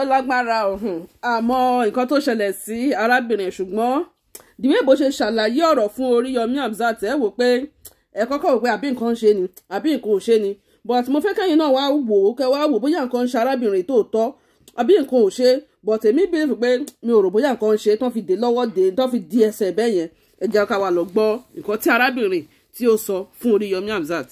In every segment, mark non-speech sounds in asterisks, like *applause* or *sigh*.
ó lágbára ọ̀hún hmm. àmọ́ nǹkan tó ṣẹlẹ̀ sí arábìnrin ṣùgbọ́n dìwé bó ṣe ṣàlàyé ọ̀rọ̀ fún Oríyọmí Hamzat ẹ wò pé ẹ kọ́kọ́ wò pé àbí nǹkan ṣe ni àbí nǹkan ò ṣe ni but mo fẹ́ kẹ́yìn náà wá wò ó kẹ́ wá wò bóyá nǹkan ṣe arábìnrin tó tọ́ àbí nǹkan ò ṣe but èmi believe pé mi ò rò bóyá nǹkan ṣe tán fi dé lọ́wọ́ dé tán fi di ẹsẹ̀ bẹ́yẹn ẹ jẹ́ ká wá lọ gbọ́ nǹkan tí arábìnrin tí ó sọ fún Oríyọmí Hamzat.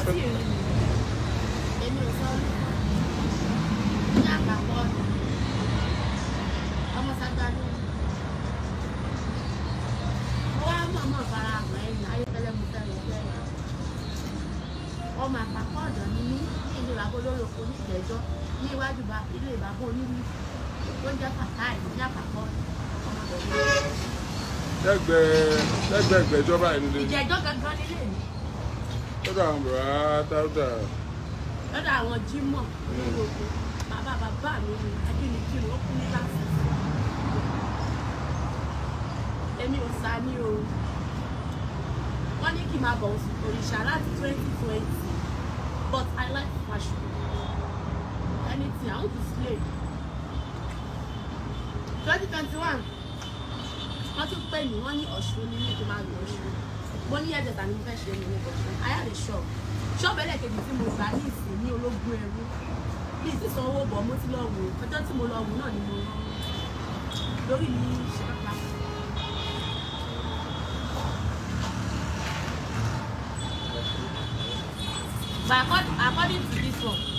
from. ọmọ àpapọ̀ ọ̀dọ̀ ni mí ní ìlú agolóloko ní ìgbẹ́jọ́ ní iwájú ilé ìbàbọ̀ onílù tó ń jẹ́ pàtà ìlú ní àpapọ̀ ọmọdé. lẹ́gbẹ̀ẹ́ lẹ́gbẹ̀ẹ́ ìgbẹ́jọ́ báyìí nílé. ìjẹ́jọ́ gangan nílé mi lọ́dọ̀ àwọn bàbá táwùtà. lọ́dọ̀ àwọn Jímọ̀ ní hmm. gbogbo bàbá bàbá mi ni adínìkiri ó kú ní láti èmi ò sá ní o wọ́n ní kí n máa bọ̀ òrìṣà láti twenty twenty but I like fashion anything I want to slay twenty twenty one wọ́n tún pè mí wọ́n ní Ọ̀ṣun ní mi tó máa lọ Ọ̀ṣun mo ní ẹ̀ẹ́dẹ̀ta ni mo fẹ́ ṣe ní ilé ìbọ̀sùn ayáde ṣọ́ọ̀bù ṣọ́ọ̀bù ẹlẹ́kejì tí mo gbà ní ìsìn ní ológun ẹrú ní ìsísan owó bọ̀ mo ti lọ wò ọjọ́ tí mo lọ wò náà ni mo rán lórí mi ṣe pápá. according to this one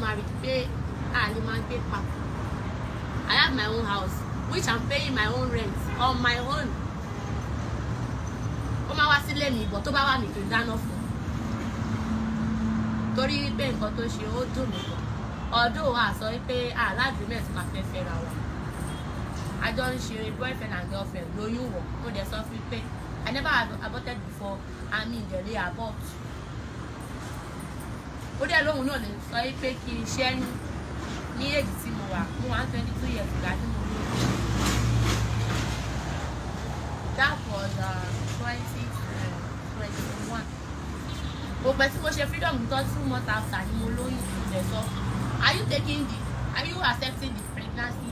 married pé a lè máa Papa. I have my own house which I'm paying my own rent on my own ó máa wá sílé mi ìbọn tó bá wà nìkan dáná fún un torí pé nǹkan tó ṣe ó dùn mí gan ọdún wa sọ pé aládùúmẹ̀tì máa fẹ́ fẹ́ ra wa a jọ ń ṣe boyfriend and girlfriend lóyún wọ̀ mo dẹ̀ sọ fún pé I never aborted before I mean the day they abort ó dẹ̀ lóhun náà lè sọ pé kí n ṣẹ́ ní èdè tí mo wà mo wà twenty two years ìgbà tí mo lò ó. that was uh, twenty uh, twenty one. òpè tí mo ṣe freedom tó two months after ni mo lóyún ìṣẹ̀lẹ̀ sọ are you taking the are you accepting the pregnancy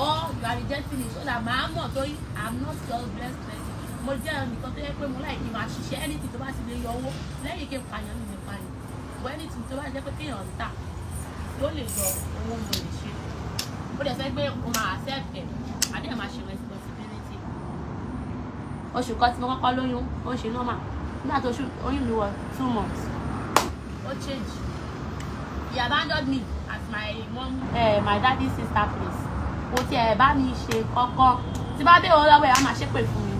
or you are rejecting it so that my mọ̀ tó yí i'm not just blessed person mo jẹ́ ẹnìkan tó yẹ pé mo láì kí n máa ṣiṣẹ́ anything tó bá ti lè yọ owó lẹ́yìn kí n pààyàn mi lè pààyàn gbọ́ ẹni tí tó bá jẹ́ pé kéèyàn ń tà yóò lè yọ owó mo lè ṣe ó lè fẹ́ gbé o máa accept ẹ̀ àbí ẹ̀ máa ṣe responsibility oṣù kan tí mo kọ́kọ́ lóyún ó ṣe normal nígbà tó oyún mi wọ two months ó change he abandoned me at my mom uh, my daddy sister place kò tiẹ̀ bá mi ṣe kankan tí bá dé òun lọ́wọ́ ẹ̀ á máa ṣépè fún mi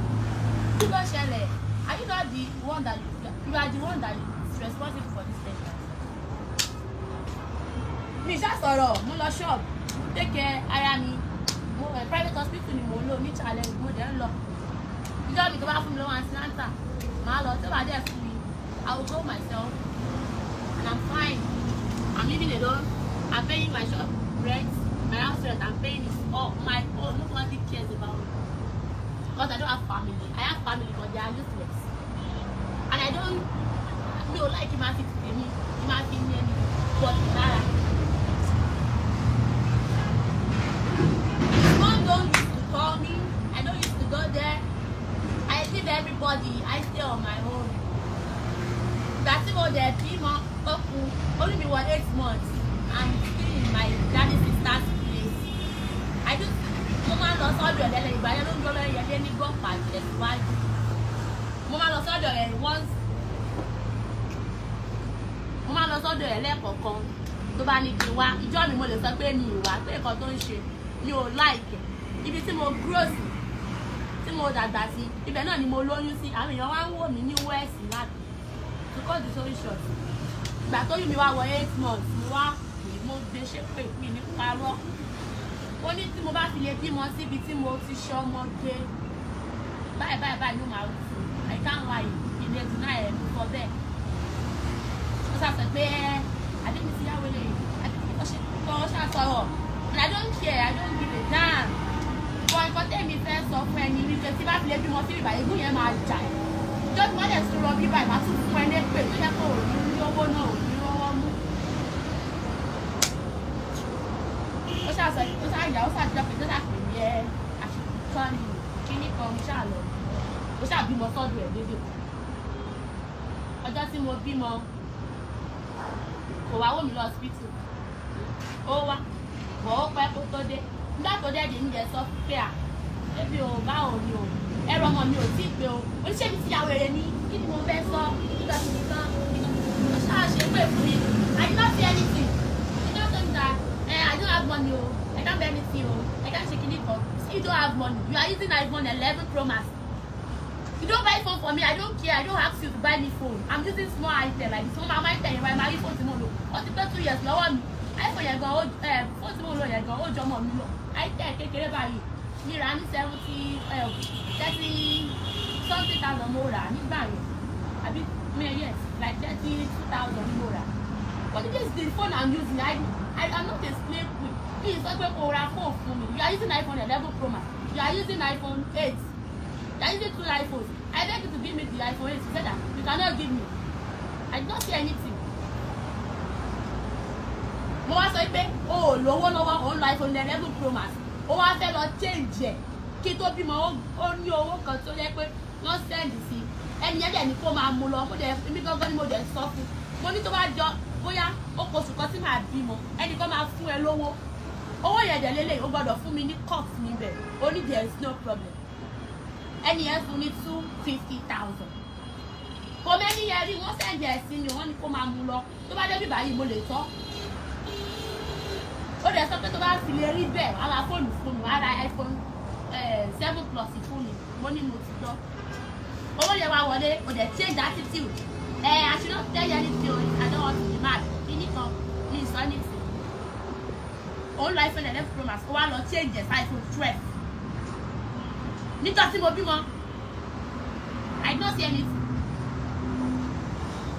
kí ló ṣẹlẹ̀ are you not the one that you, you are the one that is responsible mi ṣá sọ̀rọ̀ mo lọ shop mo tẹ́kẹ̀ ara mi mo wẹ̀ eh, private hospital ni mo lò ní challenge mo dẹ̀ ń lọ ìjọ mi tó bá fún mi lọ́wọ́ antinanta màá lọ tó bá dẹ̀ fún mi I will go myself and I'm fine I'm living alone I'm paying my shop rent my house rent I'm paying it all my own nobody cares about me because I don't have family I have family but they are useless and I don't mi ò láìkí máa fi tèmi kí máa fi ní ẹni bọ́ọ̀lù anybody I stay on my own That's tí mo dẹ̀ bímọ ó only me one eight months I'm still in my daddy's sister's place I just, mama lost all lọ sọ́dọ̀ ẹ̀dẹ́lẹ̀ ìgbà yẹn ló ń dọ́lọ́ ẹ̀yẹ lé ní gọ́pà tẹ̀síwájú mo máa lọ sọ́dọ̀ ẹ̀ once Mama lost all the ẹ̀ lẹ́ẹ̀kọ̀ọ̀kan tó bá ní kí n wá ìjọ mi mo lè sọ pé mi ìwà pé nǹkan tó ń ṣe mi ò láìkẹ̀ ibi tí mo grow tí mo dàgbà sí ibẹ̀ náà ni mo lóyún sí àwọn èèyàn wá ń wò mí ní west láti to cut the story short ìgbà tó yún mi wá wọ eight months mo wá pè mo gbé ṣe pé mi ní parọ́ ó ní tí mo bá fi lè bímọ síbi tí mo ti ṣe ọmọ gbé báyìí báyìí báyìí ló máa wù fún àyíká àwọn àyè ilé ìdùnnà ẹ̀ ló kọ bẹ́ẹ̀ ó sàṣẹ pé àdébìtì yàwó lè àdébìtì tó ṣe tó ṣàṣọrọ̀ and I don't care I don't give a damn bọ̀ nǹkan tẹ́mi fẹ́ sọ fún ẹni wípé tí bá fi lè bímọ sí bíbá igun yẹn máa jà ẹ́ tó ti mọ́lẹ̀ sọ̀rọ̀ bíbá ìbá tún fún ẹni pé tó yẹ kó òní ní owó náà òní rọ́wọ́ mú. ó ṣàṣọ ó ṣàyà ó ṣàjọ pé tó ṣàpè ní ẹ àṣìkan ni kíní kan ń ṣàlọ ó ṣàbímọ sọ́dọ̀ ẹ̀ lédè kan ọjọ́ tí mo bímọ kò wá wò mí lọ hospital ó wá bọ̀ ó pẹ́ kó tó dé nígbà tó dẹ́ẹ̀dì ń jẹ sọ pé à ẹbí ò bá ò ní o ẹrọ ọmọ mi ò tí ì pé o oníṣẹ́ mi ti yà wèrè ní kí ni mo fẹ́ sọ nígbà tí nìkan mo ṣáà pé fún mi I did not see anything you don tell me that eh, I don't have money o I can't buy anything o I can't ṣe kìíní kan you don't have money you are using iPhone eleven Pro Max you don't buy phone for me I don't care I don't ask you to buy me phone I'm using small item like this one my mind tell you why my iPhone ti mo lò ó ti pẹ́ two years lọ́wọ́ mi iPhone yẹn gan ó eh, phone ti mo lò yẹn gan ó jọmọ mi lọ àìtẹ̀ kékeré báyìí mi rà ní seventy thirty something thousand mo rà nígbà yẹn àbí mi yes like thirty two thousand mo rà but this is the phone i'm using i i am not a slave queen please sọ pé kò ra phone fún mi you are using iphone eleven pro max you are using iphone eight you are using two iphones i beg you to give me the iphone eight you that you cannot give me i don't see anything mo wá sọ pé o ò lówó lọ́wọ́ o ń lo iphone eleven pro max o wá fẹ́ lọ change ẹ̀ kí tó bímọ ó ní owó kan tó yẹ pé wọ́n sẹ́ndì sí ẹni yẹn dẹ̀ ní kó máa mú lọ mo dẹ̀ ibi gángan ni mo dẹ̀ sọ fún mo ní tó bá jọ bóyá ó kò sùkọ́ tí màá bímọ ẹnì kan máa fún ẹ lówó owó yẹn dẹ̀ lélẹ̀ o gbọ́dọ̀ fún mi ní cut níbẹ̀ o ní there is no problem ẹni yẹn fún ní two fifty thousand kò mẹ́ni yẹn rí wọ́n sẹ́ndì ẹ̀ sí mi wọ́n ní kó máa mú lọ tó bá débi báyìí mo lè tọ́ ó dẹ̀ sọ pé tó bá fi lè rí bẹ́ẹ̀ wàá ra fóònù fóònù wàá ra iphone eh, seven plus fóònù mo ní mo ti lọ owó yẹn wá wọlé ó dẹ̀ change attitude ẹ eh, I should not tell you anything I don't want to be mad nìkan ní ìsọ́nìtì òun lọ iphone eleven pro max ó wá lọ change ẹ̀ sí iphone twelve nítorí mo bímọ I don't see anything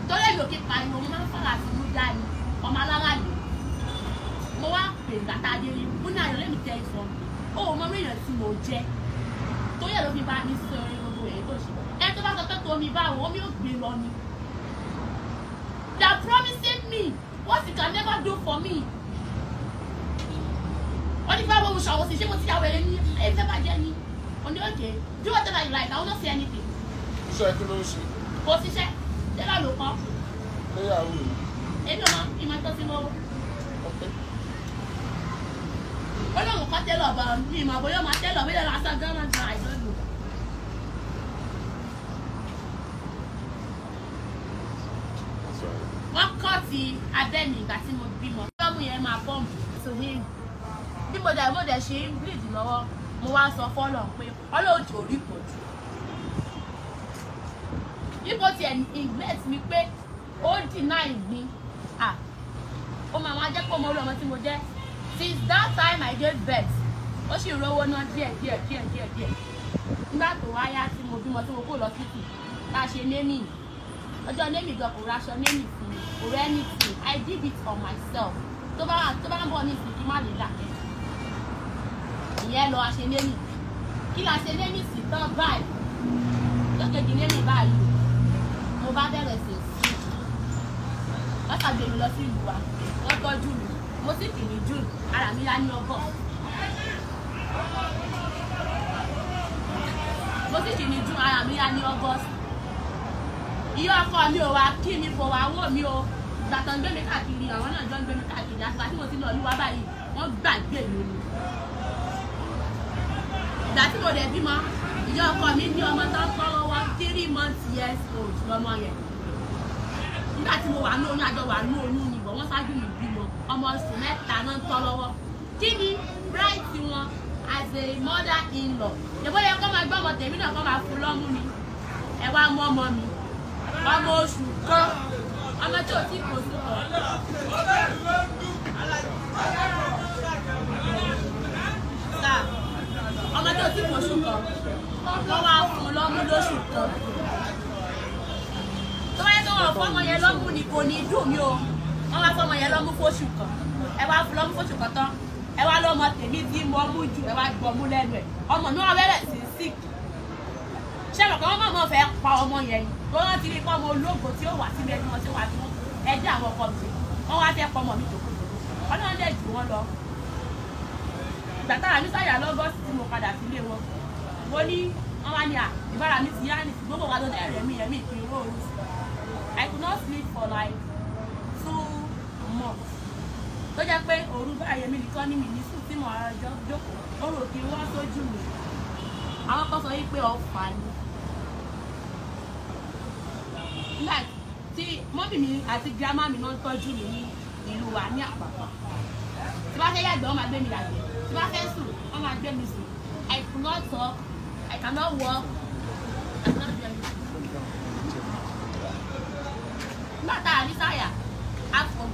torí èyí ò kí pariwo mo máa ń fọlá àti mú dání ọmọ alára mo wá pè gbàtà dé rí mo ní ayọ̀ lẹ́mi tẹ́ ìsọ o ò mọ mílíọ̀nù tí mo jẹ́ tó yẹ ló fi bá mi sọ orin gbogbo rẹ̀ tó ṣe ẹ tó bá sọ pé tomi báwo omi ò gbé lọ ni they are promising me what you can never do for me wọ́n ní fẹ́ wọ́n mu ṣọ̀wọ́ sí ṣé mo ti yà wẹ̀rẹ̀ ní ẹ fẹ́ bàjẹ́ ni o ní òkè do whatever you like I will not say anything. iṣẹ́ kí ló ń ṣe. kò ṣiṣẹ́ dẹ́gbà ló kọ́. ó yà wù. èmi ò mọ ìmọ̀ ìtọ́sí lọ́wọ́. ọlọ́run kan tẹ́lọ̀ bá mi mà bóyá máa tẹ́lọ̀ mi lẹ́nu asán gánà gba àìdọ́lù. wọ́n kọ́ ti abẹ́mi ìgbà tí mo bímọ lọ́mú yẹn máa bọ́ọ̀mù tó hìn bí mo dẹ̀ mo dẹ̀ ṣe ń bleed lọ́wọ́ mo wá sọ fọ́lọ̀ pé ọlọ́run jò rí pọ̀ jù ibo tiẹ̀ ìgbẹ́t mi pé ó dì náà ìgbín ó máa wá jẹ́ pé mo rí ọmọ tí mo jẹ́ since that time I gave birth ó sì rówó ná díẹ̀ díẹ̀ díẹ̀ díẹ̀ díẹ̀ nígbà tó wáyá tí mo bímọ tí mo kó lọ títì tá a ṣe némì ọjọ́ némì gan kò raṣọ némì fún mi kò rẹ́ ní tì I did it for myself tó bá tó bá ń bọ̀ ní ìsìn kí má lè là ìyẹn a ṣe némì kí la ṣe némì sí tán báyìí lókèjì némì báyìí mo bá bẹ̀rẹ̀ sí sí wọ́n ṣàgbèrè lọ sí ìlú wa wọ́n tọ́jú mi mo sì kì ní june ara mi yá ní ọgọ́ mo sì kì ní june ara mi yá ní august iye ọkọ mi ò wá kí mi fò wá wò mí o ìgbà tó ń gbé mi káàkiri àwọn náà jọ ń gbé mi káàkiri àgbà tí mo ti lọ lúwa báyìí wọ́n gbàgbé mi ni ìgbà tí mo dẹ̀ bímọ ìyá ọkọ mi ní ọmọ tó ń kọ́ lọ́wọ́ three months years old lọ́mọ yẹn nígbà tí mo wà ní oyún àjọ wà ní oyún ni bọ̀ wọ́n ṣáájú mi bí ọmọ oṣù mẹ́ta náà ń tọ́ lọ́wọ́ kí ni right wọn as a mother in law ìbò yẹ kó máa gbọ́ ọmọ tèmi náà kó máa fún lọ́mú mi ẹ wá mú ọmọ mi ọmọ oṣù kan ọmọ tí ò tí kò sí kọ. ọmọ tí ò tí kò sí kọ wọ́n wá fún lọ́mú lóṣù kan tó wáyé tó wọ̀ fọ́mọ yẹn lọ́mú ni kò ní dùn mí o wọ́n wá fọmọ yẹn lọ́mú fóṣù kan ẹ wá lọ́mú fóṣù kan tán ẹ wá lọ́mọ tèmi tí mo mú ju ẹ wá gbọ́ mú lẹ́nu ẹ̀ ọmọ náà bẹ̀rẹ̀ sí síkì ṣé ọ̀kan wọn mọ̀ fẹ́ pa ọmọ yẹn ni tó wọ́n ti rí pé ọmọ ológo tí ó wà sí ẹni wọn tí wà tí wọ́n àwọn ọkọ mi wọ́n wá fẹ́ pọmọ mi tòkòtò ọlọ́run dẹ̀ jù wọ́n lọ ìgbà tára sáyà lọ́gọ́sì tí mo padà sílé wọn mo ní wọ́n wá ní à ìbára mi ti yá ní gbogbo wa ló dẹ̀ yẹn mí ìpín róòrù I could not sleep for like two month tó jẹ́ pé òru báyẹn mi nìkan ní mi ní sùn tí mo ara jọ jókòó ó rò kí wọ́n sójú mi àwọn kan sọ yìí pé ọ̀fà ni tí mọ́bì mi àti girama mi náà tọ́jú mi ní ìlú wa ní àpapọ̀ tí bá fẹ́ yàgbẹ́ wọ́n máa gbé mi yàgbẹ́ tí bá fẹ́ sùn wọ́n máa gbé mi sùn I cannot talk I cannot walk I cannot do anything. látà àrísáyà.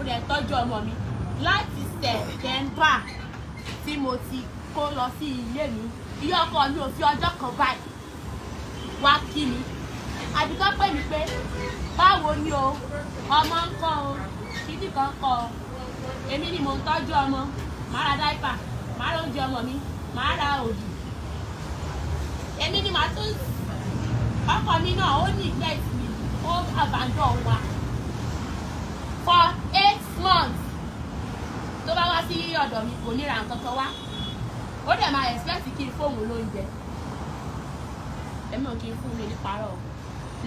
mo dẹ̀ tọ́jú ọmọ mi láti sẹ̀tẹ́mbà tí mo ti kó lọ sí ilé mi iye ọkọ mi ò fi ọjọ́ kan báyìí wá kí mi àbí kán pè mí pé báwo ni o ọmọ ń kọ́ o títí kan kọ́ o èmi ni mo ń tọ́jú ọmọ màá ra dáìpà màá ra oúnjẹ ọmọ mi màá ra òdì èmi ni màá tún ọkọ mi náà ó ní ìgbẹ́ ìsinmi ó àbàdàn wa for eight months tó bá wá sí ọ̀dọ̀ mi kò ní nǹkan kan wá ó dẹ̀ máa expect kí n fóun lóúnjẹ èmi ò kí n fún mi ní parọ́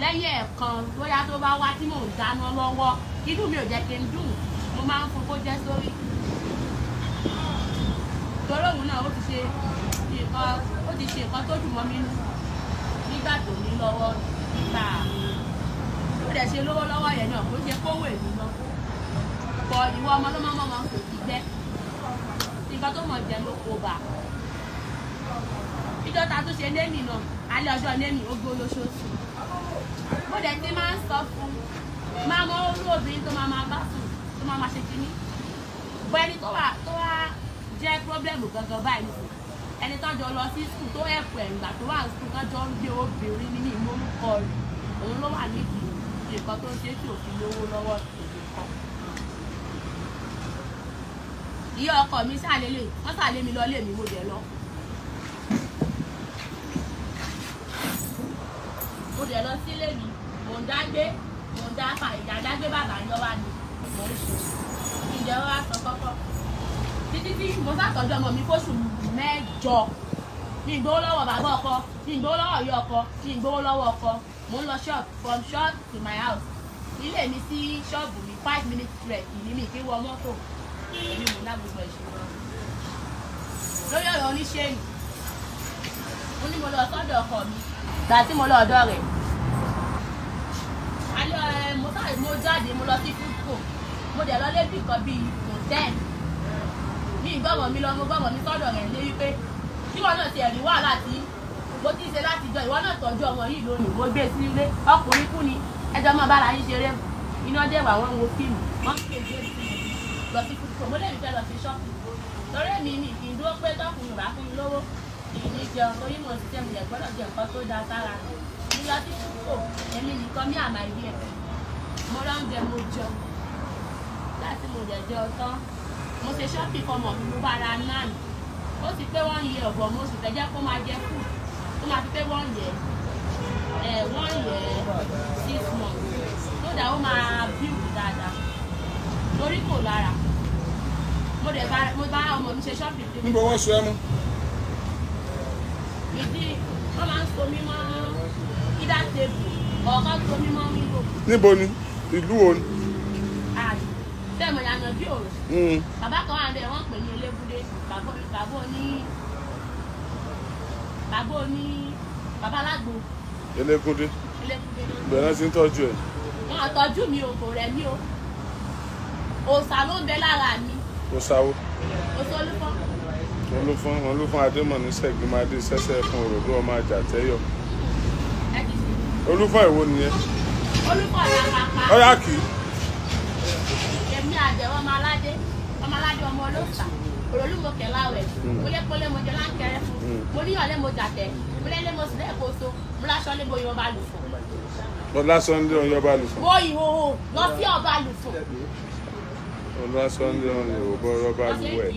lẹ́yìn ẹ̀ẹ̀kan bóyá tó bá wá tí mò ń dáná lọ́wọ́ inú mi ò jẹ́ kí n dùn mo máa ń fún kó jẹ́ sórí torí òun náà ó ti ṣe nǹkan ó ti ṣe nǹkan tó dùn mọ́ mi nígbà tó ní lọ́wọ́ nígbà dẹ̀ ṣe lówó lọ́wọ́ yẹn náà kò ṣe kówó èmi lọ bọ ìwọ ọmọ ló máa máa kò ti gbẹ nǹkan tó mọ̀ jẹ́ ló kó bá ìjọ ta tún ṣe lémi náà alẹ́ ọjọ́ lémi ogó olóṣooṣù mo dẹ̀ ti máa ń sọ fún máa mọ orú obìnrin tó máa máa bá sùn tó máa máa ṣe kíní bọ ẹni tó wà tó wá jẹ́ pírọ́blẹ́mù gangan báyìí ẹni tó lọ sí sùn tó ẹ̀pù ẹ̀ǹgbà tó wà sùn tó ń gbé obìnrin nínú ìmọ̀ orúkọ òun ló wà níbi ṣe nǹkan tó ṣe tí ò lówó lọ́wọ́ tòun kan. ìyá ọkọ mi ṣàlélẹ̀ wọ́n ṣàlé mi lọ mi mo dẹ̀ lọ. mo dẹ̀ lọ sílé mi mò ń dágbé mò ń dáfà ìjà dágbé bàbá ń lọ́wọ́ ni mò ń ṣe ìjẹ́ wá sọ kọ́kọ́ títí tí mo sàtọ́jú ọmọ mi fóṣù mẹ́jọ mi ìgbówó lọ́wọ́ bàbá ọkọ mi ìgbówó lọ́wọ́ ìyá ọkọ mi ìgbówó lọ́wọ́ ọkọ mo ń lọ shop from shop to my house ilé mi sí ṣọ́ọ̀bù mi five minutes rẹ̀ ìní mi kí wọ mọ́tò èmi mò ń dá gbogbo ìṣòro lórí ọ̀rọ̀ oníṣẹ́yìn mo ní mo lọ sọ́dọ̀ ọkọ mi gbà tí mo lọ ọ̀dọ̀ rẹ̀ alẹ́ ọ̀rẹ́ mo sáré mo jáde mo lọ sí fúdùkò mo dẹ̀ lọ lébì kan bíi kò tẹ́ẹ̀n mi ìgbọ́mọ̀ mi lọ mo gbọ́mọ̀ mi sọ́dọ̀ rẹ̀ lé wípé tí wọn náà ti ẹ̀rí wàhálà tí bó ti ṣe láti jọ ìwọ náà tọ́jú ọmọ yìí lónìí mo gbé e sí ilé ọkùnrin kú ni ẹjọ́ máa bára yín ṣeré iná dẹ̀ wà wọ́n wo fíìmù wọ́n ń pè é lọ sí kúkú mo lè mi fẹ́ lọ sí ṣọ́ọ̀kì torí èmi mi kì í dúró pé tọkùnrin bá fún mi lówó kì í ní jẹun torí mo ti tẹ̀mí ẹ̀ gbọ́dọ̀ jẹ nǹkan tó da sára mi lọ sí kúkú èmi nìkan ní àmà ìdí ẹ̀ mo lọ ń jẹ mo jẹun láti mo jẹ jẹun tán mo ṣe ṣọ́ọ̀kì fọmọ mi mo bá ra náà ó ti pé wọ́n yẹ ọ̀bọ̀ mo sì fẹ́ jẹ́ kó máa jẹ fúù ó máa fi pé one year ẹ̀ eh, one year six months So that ó máa build dáadáa torí kò lára mo dẹ̀ bá mo bá ọmọ mi ṣe shopping. ń bọ̀ wọ́n sọ ẹ́ mú. ìdí wọ́n máa ń so mí mọ́ kídá tèbù ọ̀kan so mí mọ́ wíwò. níbo ni ìlú wo ni. bẹ́ẹ̀ mo yànnà bí òòrùn hmm. bàbá kan wà ń wọ́n pè ní elébúdé bàbá oní bàbá oní bàbá alágbo. elékúndé bẹ̀rẹ̀ sí ń tọ́jú ẹ̀. wọn ò mi o kò rẹ̀ mí o òòsà ló ń bẹ lára mi. òòsà wo. òòsà olúfọ́n. olúfọ́n olúfọ́n adémọ̀ní sẹ́gbìmọ̀adé sẹ́sẹ́ fún òròdú ọmọ ajá tẹ́yọ̀. olúfọ́n èwo nìyẹn. olúfọ́n làpapà. ọ̀yá kì í. èmi àjẹ́ ọmọ aládé ọmọ aládé ọmọ olóòsà òròlú mm. mo bá lù fún. ọlá sunday ọyọ bá lù fún. bo ìhòòhò lọ sí ọba lù fún. ọlá sunday ọyọ bọ rọba lù wẹ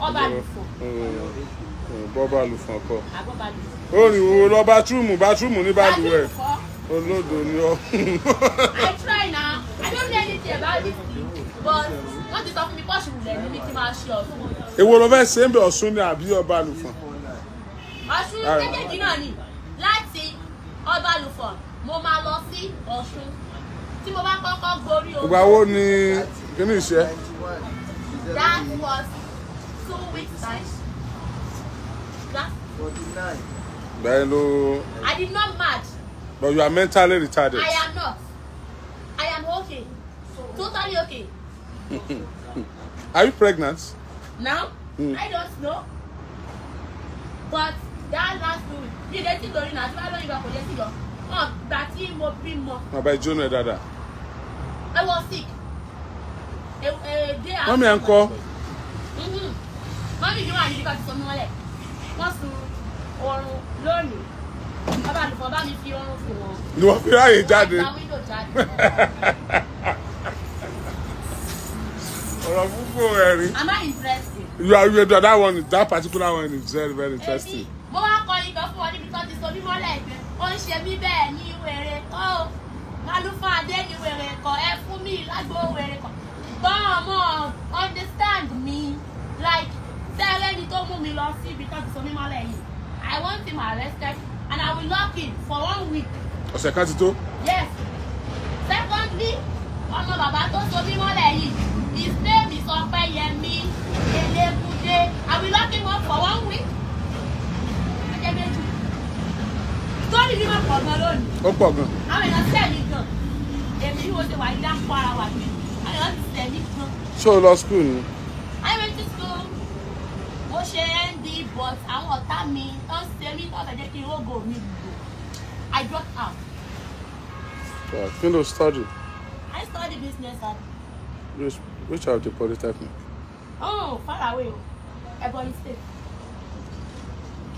ọba lù fún. bọ́ba lù fún ọkọ. lọ bátúrùmù bátúrùmù ní bálùwẹ̀ olódo ni ọ. I try na I don't know anything about this but wọ́n ti sọ ló fẹ́ ṣe ń bẹ ọ̀ṣun ni àbí ọba àlùfọ̀n. ọ̀ṣun kékèké náà ni láti ọba àlùfọ̀n mo máa lọ sí ọ̀ṣun tí mo bá kọ́kọ́ gorí omi. ìgbà wo ni kíní ìṣe. that was two weeks time. Bẹ́ẹ̀ ló. I did not match. But you are mentally retarded. I am not. I am okay. Totally okay. Are you pregnant? Now? Mm. I don't know. But that last two weeks, bí ìrètí lórí náà tí wọ́n lóyún bá kò lè sí lọ. Wọ́n gbà tí mo bímọ. Bàbá ìjóná ẹ̀ dáadáa. I was sick. A, a day Mommy, Mọ́mí ẹ̀ ń Mommy, you want àyíká ti sọ mí wọlé. Wọ́n sun oorun lónìí. Bàbá àlùfọ́ bá mi fi oorun fún wọn. Ni wọ́n fi ráàyè jáde. Wọ́n gba wíńdò jáde. *laughs* ọ̀rọ̀ púpọ̀ ẹ̀rí. am I interesting. you are you that one that particular one is very very interesting. èmi mo wá kọ ibẹ̀ fún ọ níbi tó ti so mímọ́ lẹ́gbẹ̀ẹ́ ó ń ṣe mí bẹ́ẹ̀ ní wèrè kọ́ kálúfà dé ní wèrè kọ́ ẹ fún mi lágbo wèrè kọ́ gbọ́n ọmọ understand me like tẹ́lẹ̀ ni tó mú mi lọ sí ibi tó ti so mímọ́ lẹ́yìn I want him arrested and I will lock him for one week. ọ̀sẹ̀ kan ti tó. yes secondly ọmọ bàbá tó so mímọ́ lẹ́yìn. His name is Opeyemi Elekude. I will lock him up for one week. Sọ́ọ́lì ní ma pọ̀ gan lónìí. Ó pọ̀ gan. Àwọn èèyàn sẹ́ẹ̀lì gan. Èmi ni mo ṣe wà ní dápọ̀ ara wà mí. Àwọn èèyàn ti sẹ́ẹ̀lì gan. Ṣé o lọ school ni? I went to school. Mo ṣe ND but àwọn ọ̀tá mi tó ń ṣe mí tó ń jẹ́ kí rógò mi gbò. I dropped out. Kí ló study? I study business admin. Which of the polytechnic? Oh, far away. Ebonyi State.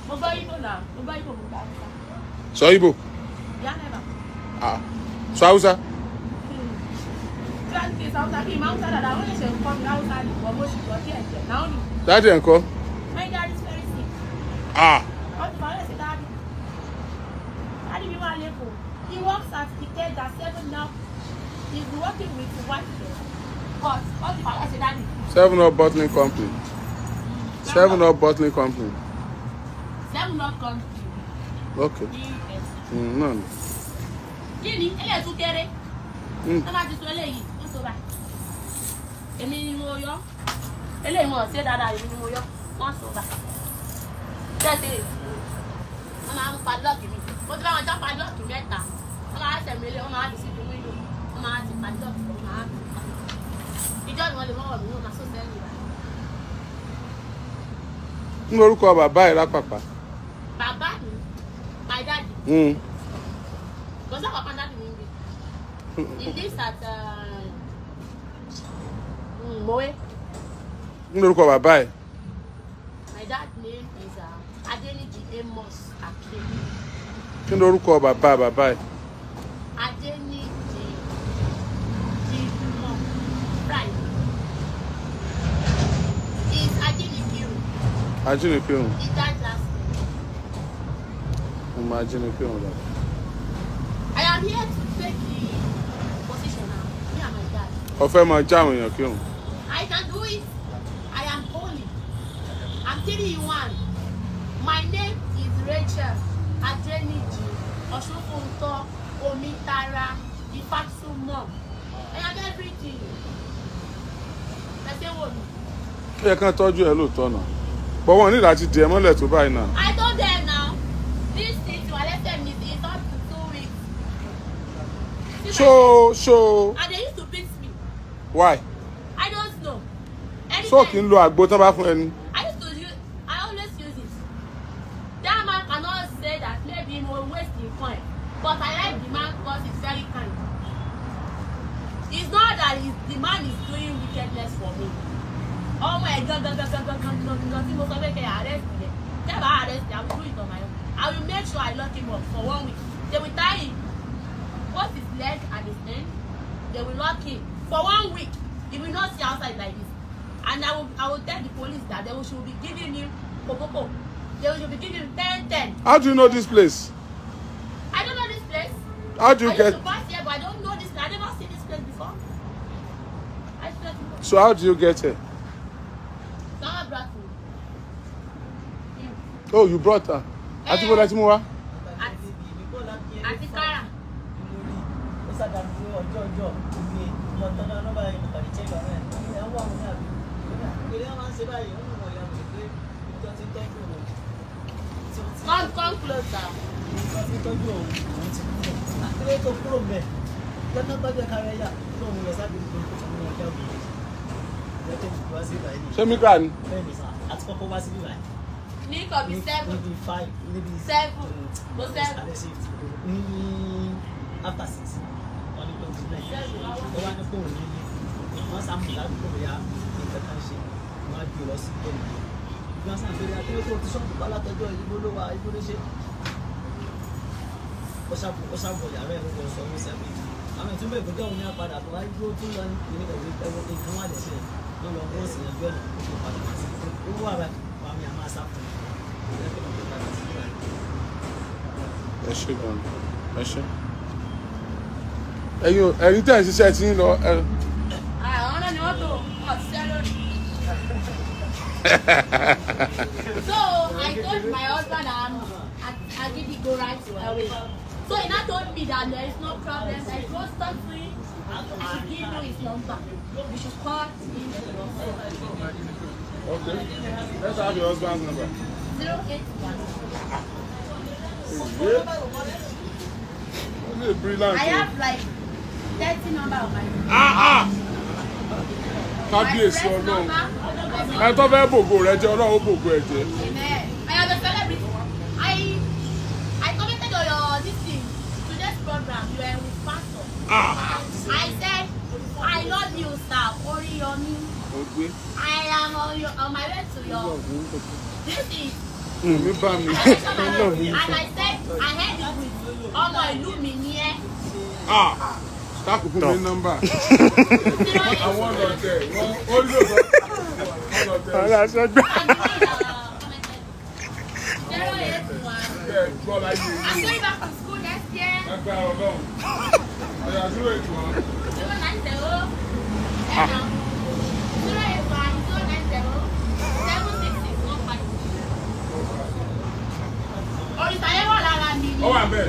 Mo gbọ́ Igbo na, mo gbọ́ Igbo mo gbọ́ Hausa. Sọ Igbo? Ya never. Ah, so how's that? case Hausa kì í máa ń sá dada, ó My dad is very sick. Ah. Wọ́n ti fọ́ ọ́lẹ̀ sí dáàdì. Dáàdì mi wà lẹ́kọ̀ọ́. He works at Ikeja seven now. He's working with his wife seven up bottling company seven up bottling company. seven up company. ok mm, náà ni. kí ni eléyìí tún kéré. Mm. tó bá ti sọ eléyìí ó sọ bá èmi ni mo yọ eléyìí wọn ṣe dáadáa èmi ni mo yọ wọn sọ bá tẹsí wọn máa ń padlock mi mo ti bá wọn já padlock mẹ́ta wọn máa ń sẹ̀mí ilé wọn máa ń fi sí ibi wíńdò wọn máa ń ti padlock wọn máa ń fi john wọn lè mọ ọ̀rọ̀ mi wọn máa sọ sẹ́yìn n lórúkọ bàbá ẹ rápàpà. bàbá mi my daddy. kò hmm. sí papa daddy mi bi he lives at uh, Mowe. n lórúkọ bàbá ẹ. my dad name is uh, Adeniji Amos Akin. kí ni orúkọ bàbá bàbá ẹ. Adeniji. Right is Ajinipiru. Ajinipiru. He died last week. Um, Ajinipiru. I am here to take the position now. Me and my dad. Offer my máa in àwọn film. I can do it. I am holy. I'm telling you one. My name is Rachel Adeniji Osunfunto Omitara Ifasumo. I have everything. Ẹ say wò ó yẹ kán tọ́jú ẹ lóòótọ́ náà but wọn nílà ti dì ẹ mọ́lẹ̀ tó báyìí náà. I told them now this thing to them mi it talk to two weeks. so so. and they used to beat me. why. I don't know. sọ́ọ̀kì ń lo àgbo tán bá fún ẹni. you know this place? I don't know this place. How do you I get? Used to bus here, but I don't know this. I never seen this place before. I don't know. So how do you get here? Someone brought me. Yeah. Oh, you brought her. Hey. Àti bọ́lá tí mo wá. Àti kára. Ó Come, come closer. Ìgbà tí tọ́jú òun, àtúrò tó kúrò mẹ́. Lọ́nà tọ́jú ẹ̀ka rẹ̀ yà, lóun lọ sábẹ́ ìgbà tó ń lọ jáwé. Ìgbẹ́tẹ̀ ti wá sí ìgbà yìí. Ṣé Mikra ni? Bẹ́ẹ̀ni sà, àti kọ́kọ́ wá sí ìgbà yìí. Mikra bi seven. Níbi five, níbi seven. Mo seven. Ní after six, wọ́n ní tọ́jú náà. Ó wá ní kóun ní gan sàn pé akíló tó ti sọ́ọ̀bù pálátọ́jọ́ ìbò ló wà ìbò ló ṣe. ó ṣàbọ̀ yàrá ẹ̀ lọ́wọ́ sọ wọ́n sẹ́mi. àwọn ìtumọ̀ ìgbẹ́jọ́ òun ní apàdà tó wáyé dúró tó lọ ní ẹ̀wọ̀n nǹkan wà lẹ́sẹ̀ ló lọ bó sì yanjú ọ̀nà tó padà sí. ẹ ṣe gan ẹ ṣe ẹ̀yin ẹ̀yin tẹ́ ẹ ṣiṣẹ́ ti ń lọ ẹ. so I told my husband I'm um, I did go right away. So he now told me that there is no problem. I go something. to I should give you his number. You should call him. Okay. Let's have your husband's number. 081. This is I have like 30 number of my Ah ah! Kábíyèsí ẹ tó fẹ́ bògo rẹ jẹ ọlọ́run ó bògo ẹ jẹ. I am a celebrity. I I commented on your this thing today's program you were with pastor. Ah. I said I love you sir Oriyomi. I am on, my way to your this is. Mi bá mi. And I said I heard you with ọmọ ìlú mi ni ẹ. Ah takùkù mi nọ́mbà. Àwọn ọ̀dọ̀ tẹ̀ wọ́n ó lò lọ ọ̀rọ̀ àṣẹgbà. Òrìṣà yẹn wà lára mi. Ó wà bẹ́ẹ̀.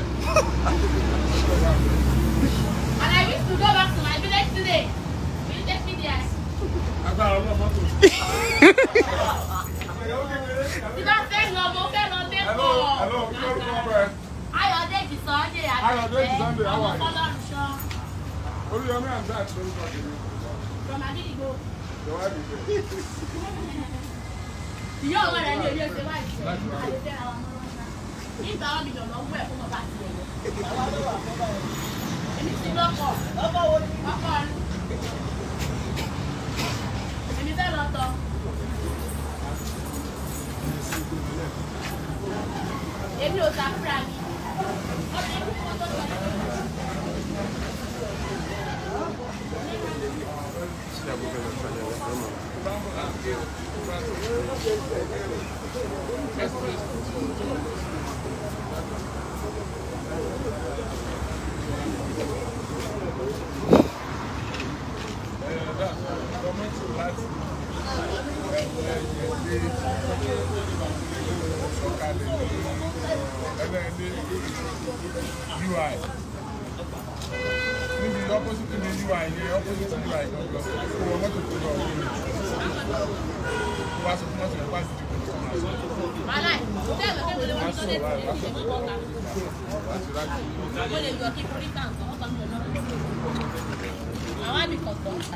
And I wish to go back to my village today. Will you take me there? agbára ọlọ́mọ tó. ìbá fẹ́ lọ mo fẹ́ lọ ọmọ kọ́lọ́rùṣọ́. olùyọmí àǹtá àti orúkọ kìíní. from agidigbo. ìyá ọmọ rẹ ní èdè ṣe wáyé àti fẹ́ lọ́wọ́ ẹ̀ fún ọba tiẹ̀ lọ. èmi ti lọ́kọ̀ wo ni ọkọ̀ rẹ fẹ́ lọ tọ. èmi Thank you. pé ó sọ̀kalẹ̀ ní ẹlẹ́ẹ̀lẹ́ UI níbi opposite ní UI ní opposite UI gbọ́dọ̀ kó wọ́n mọ́tò tó lọ wọ́n wá sọ fún ọ̀sẹ̀ wá sí ìdìbò tó máa sọ. wọ́n sọ wá wá sọ fún ọ̀sẹ̀ wá sí rájú. wọ́n lè yọ kí kúrítà nǹkan wọ́n kàn ń lọ náà. àwa nìkan tó ń ta.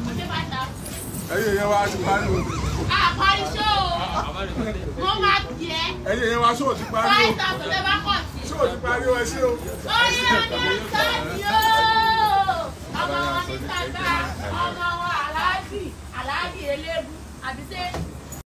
ẹyẹ yẹn wá ti parí o. àparí ṣó o mo máa bì ẹ́. ẹyẹ yẹn wá ṣó o ti parí o. five thousand ẹ bá kọ̀ sí. ṣó o ti parí ẹ ṣé o. orí ọdún sáàdì o ọmọ wọn ní sàgbà ọmọ wọn aláàjì aláàjì eléegun àbí